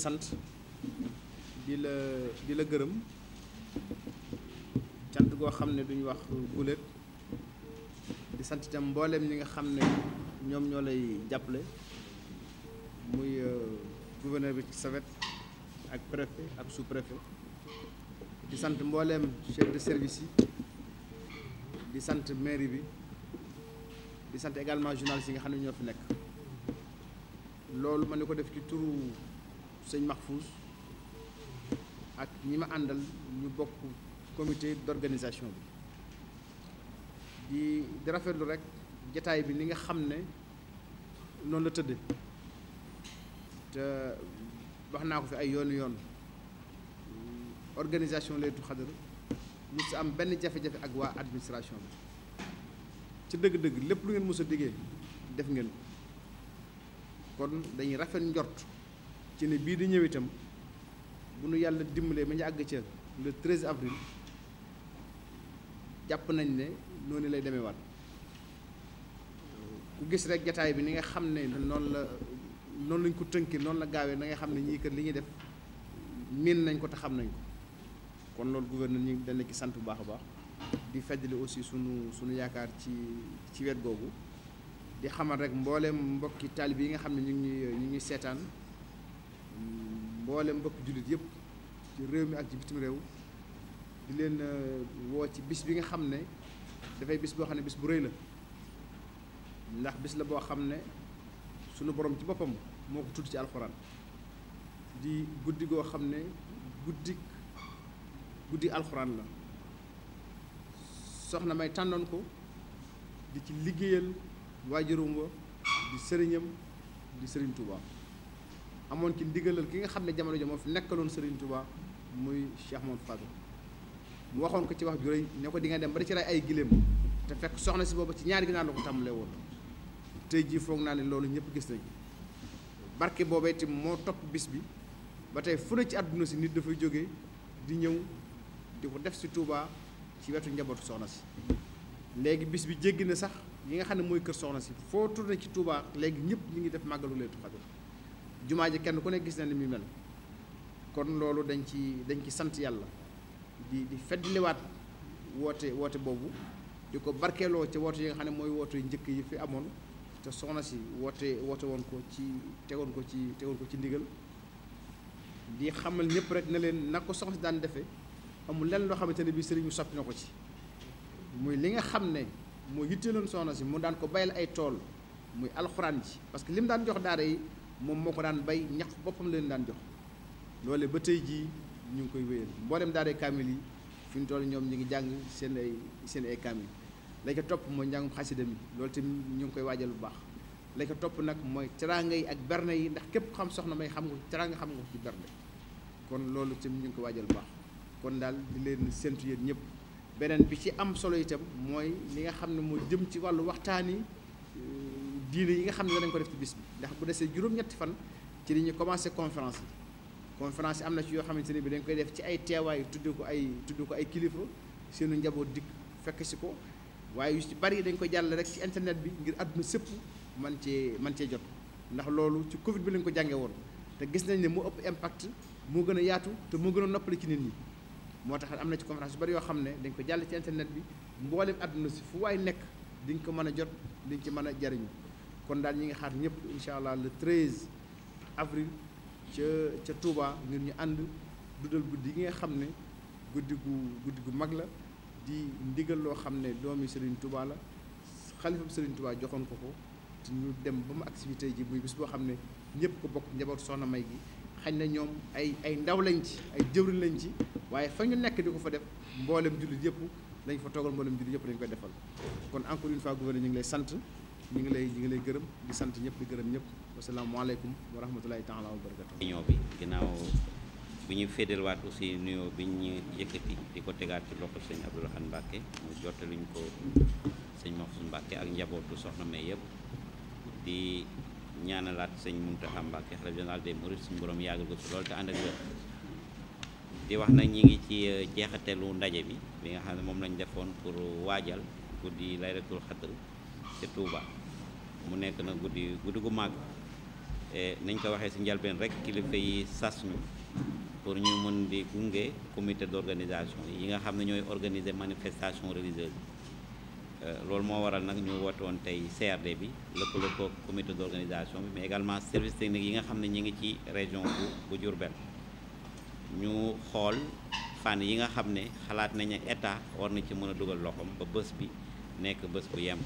sant di la di la gërëm cant goo xam ne duñu wax guléet di sant itam mbooleem ñi nga xam ne ñoom ñoo lay jàppale muy euh, gouverneur bi ci sa ak préfet ak sous-préfet di sant mbooleem chef de service yi di sant mairie bi di sant également journaliste yi nga xam ne ñoo fi nekk loolu ma ne ko def ci turu sëñ Mahfouz ak ñi ma àndal ñu bokk comité d'organisation bi di di rafetlu rek jataay bi ni nga xam ne noonu la tëdd te wax naa ko fi ay yoonu yoon organisation Laylatul Qadr mu si am benn jafe-jafe ak waa administration bi ci dëgg-dëgg lépp lu ngeen mos a diggee def ngeen ko kon dañuy rafet njort ci ne bii di ñëw itam bu nu yàlla dimbalee ba ñu àgg ca le 13 avril jàpp nañ ne noonu lay demee ku gis rek jataay bi ni nga xam ne noonu la noonu lañ ko tënkee noonu la gaawee na nga xam ne ñii kër li ñuy def miin nañ ko te xam nañ ko kon loolu gouverneur ñi dañ la ci sant bu baax a baax di feddali aussi sunu sunu yaakaar ci ci wet googu di xamal rek mbooleem mbokki taalib yi nga xam ne ñu ngi ñu ngi seetaan mboolem mbokk jullit yëpp ci réew mi ak ci bitim réew di leen euh, woo ci bis bi nga xam ne dafay bis boo xam ne bis bu rëy la ndax bis la boo xam ne sunu borom ci boppam moo ko tudd ci alxuraan di guddi goo xam ne guddi guddi alxuraan la soxna may tànnoon ko di ci liggéeyal waajurum wa di sëriñam di sëriñ Touba. amoon ci ndigalal ki nga xam ne jamono jo moo fi nekkaloon Serigne Touba muy Cheikh Mouhamed Fadel mu waxoon ko ci wax ju rëy ne ko di dem ba di ci rey ay giléem te fekk soxna si booba ci ñaari ginaar la ko tàmbalee woon tey jii foog naa ne loolu ñëpp gis nañu barke boobee itam moo topp bis bi ba tey fu ne ci àdduna si nit dafay jóge di ñëw di ko def si Touba ci wetu njabootu soxna si léegi bis bi jéggi ne sax yi nga xam ne mooy kër soxna si foo tourné ci Touba léegi ñëpp ñu ngi def màggalu Laylatul Qadr jumaa ji kenn ku ne gis na ni muy mel kon loolu dañ ci dañ ci sant yàlla di di feddliwaat woote woote boobu di ko barkeeloo ci woote yi nga xam ne mooy woote yu njëkk yi fi amoon te soxna si woote woote woon ko ci tegoon ko ci tegoon ko ci ndigal di xamal ñëpp rek ne leen na ko soxna daan defee amul lenn loo xamante ne bii sëriñ bi ko ci muy li nga xam ne moo yitteeloon soxna si mu daan ko bayal ay tool muy alxuraan ji parce li mu daan jox daara yi moom moo ko daan bay ñax boppam leen daan jox loole ba tey jii ñu ngi koy wéyal mboolem daaree kaamil yi fi mu toll ñoom ñu ngi jàng seen ay seen ay kaamil la ca topp mooy njàngum xasida mi loolu tamit ñu ngi koy waajal bu baax la topp nag mooy teraanga yi ak berne yi ndax képp xam soxna may xam nga teraanga xam nga ci berne kon loolu tamit ñu ngi koy waajal baax kon daal di leen séntu yéen ñëpp beneen bi ci am solo itam mooy li nga xam ne moo jëm ci wàllu waxtaan yi diine yi nga xam ne danañ ko def ci bis bi ndax bu desee juróom-ñetti fan ci li ñu commencé conférence yi conférence am na ci yoo xamante ne bi dañ koy def ci ay teewaay tudd ko ay tudd ay kilifa seenu njaboot dikk fekk si ko waaye ci bari dañ koy jàll rek ci internet bi ngir àdduna sëpp man cee man cee jot ndax loolu ci Covid bi lañ ko jàngee woon te gis nañ ne mu ëpp impact moo gën a yaatu te moo gën a noppali ci nit ñi moo tax am na ci conférence yu yoo xam ne dañ ko jàll ci internet bi mboolem àdduna si fu waay nekk diñ ko mën a jot diñ ci mën a jariñu kon daal ñi ngi xaar ñëpp incha allah le 13 avril ca ca Touba ngir ñu ànd dudal guddi yi nga xam ne guddi gu guddi gu mag la di ndigal loo xam ne doomi Serigne Touba la xalifam Serigne Touba joxoon ko ko te ñu dem ba mu activité ji muy bis boo xam ne ñëpp ko bokk njaboot soxna may gi xañ na ñoom ay ay ndaw lañ ci ay jëwriñ lañ ci waaye fa ñu nekk di ko fa def mboolem jullit yëpp lañ fa toogal mboolem jullit yëpp lañ koy defal kon encore une fois gouverneur ñu ngi lay sant ñu ngi lay ñu ngi lay gërëm di sant ñëpp di gërëm ñëpp wasalaamualeykum wa rahmatulahi taala wa barakatu réunion bi ginnaaw bi ñu féedelwaat aussi nuyoo bi ñu yëkkati di ko tegaat ci loxo sëñ Abdou Lahad Mbacke mu luñ ko sëñ suñ Mbacke ak njabootu soxna may yëpp di ñaanalaat sëñ Mountakha Mbacke xalifa général des mourides suñu borom yàggal ko ci loolu te ànd ak wér di wax na ñi ngi ci euh, jeexatelu ndaje bi bi nga xam ne moom lañ defoon pour waajal guddi laylatul xadr ca mu nekk na guddi guddi gu màgg e nañ ko waxee si njalbeen rek kilifa yi sas ñu pour ñu mën di gunge comité d'organisation yi nga xam ne ñooy organiser manifestation religieuse e loolu moo waral nag ñu woote tey CRD bi lëkkaloo ko comité d'organisation bi mais également service technique yi nga xam ne ñi ngi ci région bu bu Diourbel ñu xool fànn yi nga xam ne xalaat nañu état war na ci mën a dugal loxoom ba bés bi nekk bés bu yemb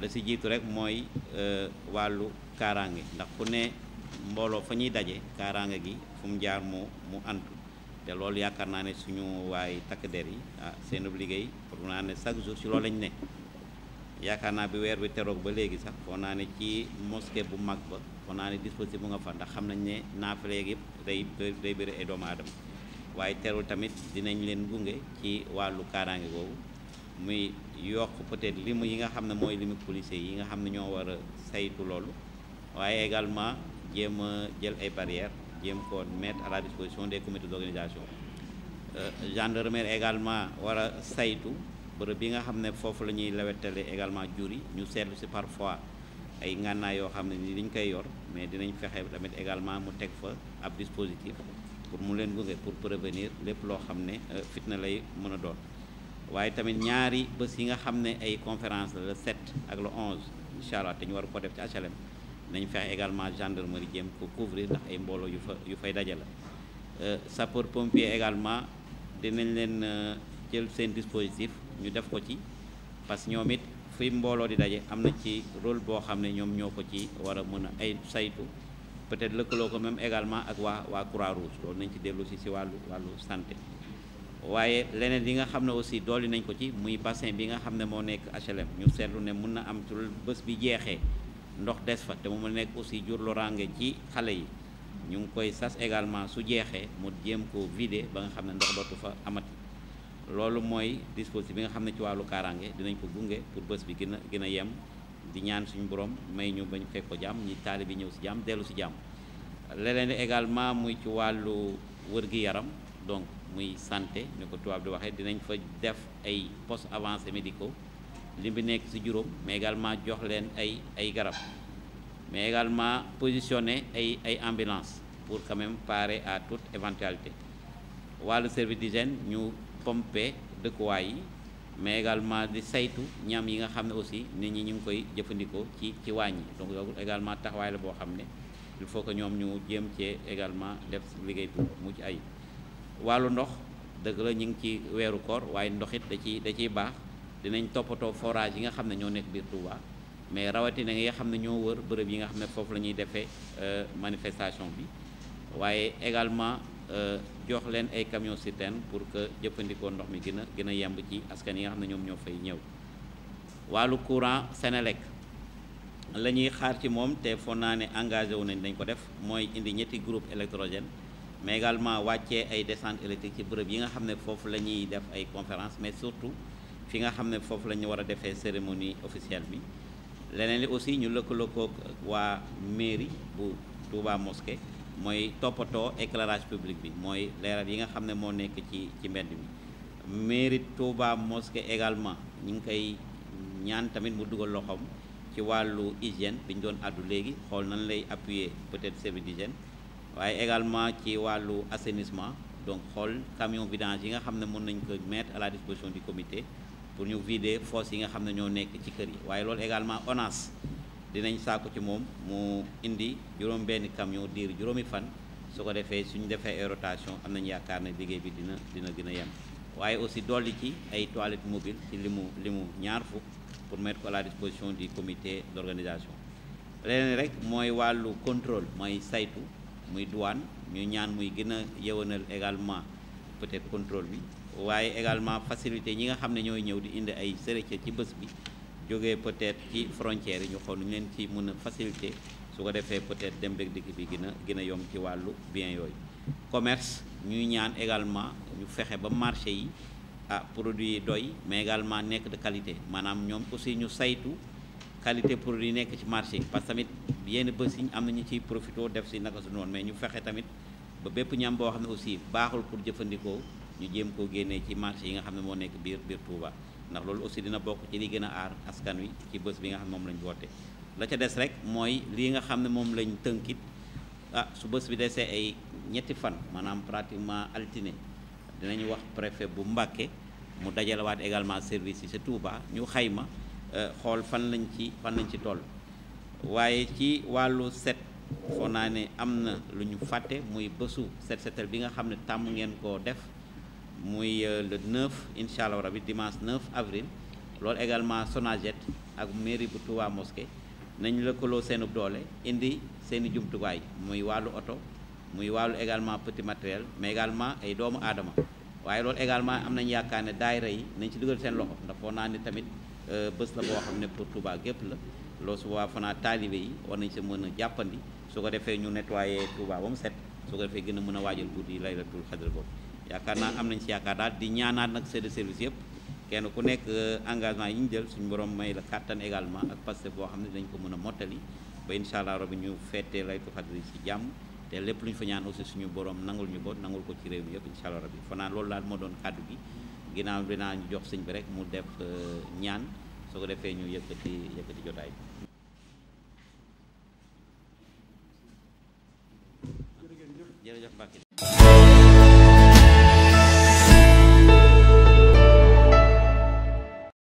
la si jiitu rek mooy euh, wàllu kaaraange ndax ku ne mbooloo fa ñuy daje kaaraange gi fu jaar mu mu antu te loolu yaakaar naa ne suñu waay takk der yi ah seen liggéey pour naa ne chaque jour si loolu lañ ne yaakaar naa bi weer bi teroog ba léegi sax foo naa ne ci mosquée bu mag ba foo naa ne dispositif bu nga fa ndax xam nañ ne naafale yëpp day day bëri ay doomu aadama waaye terul tamit dinañ leen gunge ci wàllu kaaraange boobu muy yokk peut limu yi nga xam ne mooy limu policier yi nga xam ne ñoo war a saytu loolu waaye également jéem a jël ay barrières jéem ko mettre à la disposition des comités d'organisation euh, gendarmerie également war a saytu bërëb bi nga xam ne foofu la ñuy lawetale également jur yi ñu seetlu si parfois ay ngànnaay yoo xam ne ni dañ koy yor mais dinañ fexe tamit également mu teg fa ab dispositif pour mu leen gunge pour prévenir lépp loo xam ne euh, fitna lay mën a doon waaye tamit ñaari bés yi nga xam ne ay conférence la le ak le onze incha allah te ñu war ko def ci HLM nañ fexe également gendarmerie jéem ko couvrir ndax ay mbooloo yu fa yu fay dajale euh, sapeur pompier également dinañ leen euh, jël seen dispositif ñu def ko ci parce que ñoom it fi mbooloo di daje am na ci rôle boo xam ne ñoom ñoo ko ci war mën a ay saytu peut-être lëkkaloo ko même également ak waa waa Croix-Rouge loolu nañ ci dellu si si wàllu wàllu santé waaye leneen li nga xam ne aussi dolli nañ ko ci muy bassin bi nga xam ne moo nekk HLM ñu seetlu ne mun na am ci bés bi jeexee ndox des fa te mu nekk aussi jur loraange ci xale yi ñu ngi koy sas également su jeexee mu jéem ko vider ba nga xam ne ndox dootu fa amati loolu mooy dispositif bi nga xam ne ci wàllu kaaraange dinañ ko gunge pour bës bi gën a gën a yem di ñaan suñu borom may ñu bañ fekk ko jàmm ñi taali bi ñëw si jàmm dellu si jàmm leneen également muy ci wàllu wër gi yaram donc muy santé ni ko tubaab di waxee dinañ fa def ay postes avancés médicaux li bi nekk ci juróom mais également jox leen ay ay garab mais également positionner ay ay ambulance pour quand même parer tout toute éventualité wàllu service d'hygiène ñu pomper dëkkuwaay yi mais également di saytu ñam yi nga xam ne aussi nit ñi ñu ngi koy jëfandikoo ci ci waañ yi donc loolu également taxawaay la boo xam ne il faut que ñoom ñu jéem cee également def liggéey bu mucc ayib wàllu ndox dëgg la ñu ngi ci weeru koor waaye ndoxit da ciy da ciy baax dinañ toppatoo forage yi nga xam ne ñoo nekk biir Touba mais rawatina yi nga xam ne ñoo wër bërëb yi nga xam ne foofu la ñuy defee euh, manifestation bi waaye également euh, jox leen ay camion citerne pour que jëfandikoo ndox mi gën a gën a yemb ci askan yi nga xam ne ñoom ñoo fay ñëw wàllu courant Sénélec la ñuy xaar ci moom te foog naa ne engagé wu nañ dañ ko def mooy indi ñetti groupe électrogène mais également wàccee ay descente électrique ci bërëb yi nga xam ne foofu la ñuy def ay conférence mais surtout fi nga xam ne foofu la ñu war a defee cérémonie officielle bi leneen li aussi ñu lëkkaloo koog waa mairie bu Touba mosquée mooy toppatoo éclairage public bi mooy leeral yi nga xam ne moo nekk ci ci mbedd mi mairie Touba mosquée également ñu ngi koy ñaan tamit mu dugal loxoom ci wàllu hygiène bi ñu doon àddu léegi xool nan lay appuyer peut-être service d'hygiène waaye également ci wàllu assainissement donc xool camion vidange yi nga xam ne mën nañ ko mettre à la disposition du comité pour ñu vider fosse yi nga xam ne ñoo nekk ci kër yi waaye loolu également ONAS dinañ saako ci moom mu indi juróom benn camion diir juróomi fan su ko defee suñu defee ay rotation am nañ yaakaar ne liggéey bi dina dina gën a yem waaye aussi dolli ci ay toilettes mobiles ci li mu li mu ñaar fukk pour mettre ko à la disposition du comité rek mooy wàllu contrôle mooy saytu muy douane ñu ñaan muy gën a yewanal également peut-être contrôle bi waaye également facilité ñi nga xam ne ñooy ñëw di indi ay charretiers ci bés bi jógee peut-être ci frontières yi ñu xool ñu leen ci mun a facilité su ko defee peut-être dem beeg dikk bi gën a gën a yomb ci wàllu bien yooyu commerce ñuy ñaan également ñu fexe ba marché yi ah produit yi doy mais également nekk de qualité maanaam ñoom aussi ñu saytu qualité produit yi nekk ci marché yi tamit yenn bës yi am na ñu ciy profité def si naka su noonu mais ñu fexe tamit ba bépp ñam boo xam ne aussi baaxul pour jëfandikoo ñu jéem koo génnee ci marché yi nga xam ne moo nekk biir biir Touba ndax loolu aussi dina bokk ci li gën a aar askan wi ci bës bi nga xam ne moom lañ woote la ca des rek mooy lii nga xam ne moom lañ tënkit ah su bés bi desee ay ñetti fan maanaam pratiquement altine dinañu wax préfet bu Mbàkke mu dajalawaat également service yi ci Touba ñu xayma Euh, xool fan lañ ci fan lañ ci tool waaye ci wàllu set foo naa ne am na lu ñu fàtte muy bésu set setal bi nga xam ne tàmm ngeen koo def muy euh, le 9 incha allah rabi dimanche 9 avril loolu également Sonaged ak mairie bu Touba Mosquée nañ lëkkaloo seen doole indi seen i jumtuwaay muy wàllu oto muy wàllu également petit matériel mais également ay doomu aadama waaye loolu également am nañ yaakaar ne daayira yi nañ ci dugal seen loxo ndax foo tamit. Euh, bës la boo xam ne pour Touba gépp la loolu su boobaa fanaa taalibe yi war nañ sa mën a jàppandi su ko defee ñu nettoyé Touba ba mu set su ko defee gën a mën a waajal guddi laylatul xadr boobu yaakaar naa am nañ si yaakaar daal di ñaanaat nag sedd de service yëpp kenn ku nekk euh, engagement yi ñu jël suñu borom may la kàttan également ak parce que boo xam ne dañ ko mën a mottali ba incha allah rabi ñu feetee laylatul xadr yi si jàmm te lépp lu ñu fa ñaan suñu borom nangul ñu boot nangul ko ci réew yëpp incha allah fanaa loolu daal moo doon kàddu gi ginnaaw bi naa ñu jox sëñ bi rek mu def euh, ñaan soo ko defee ñu yëpp yëkkati yëpp bi. jërëjëf Mbacke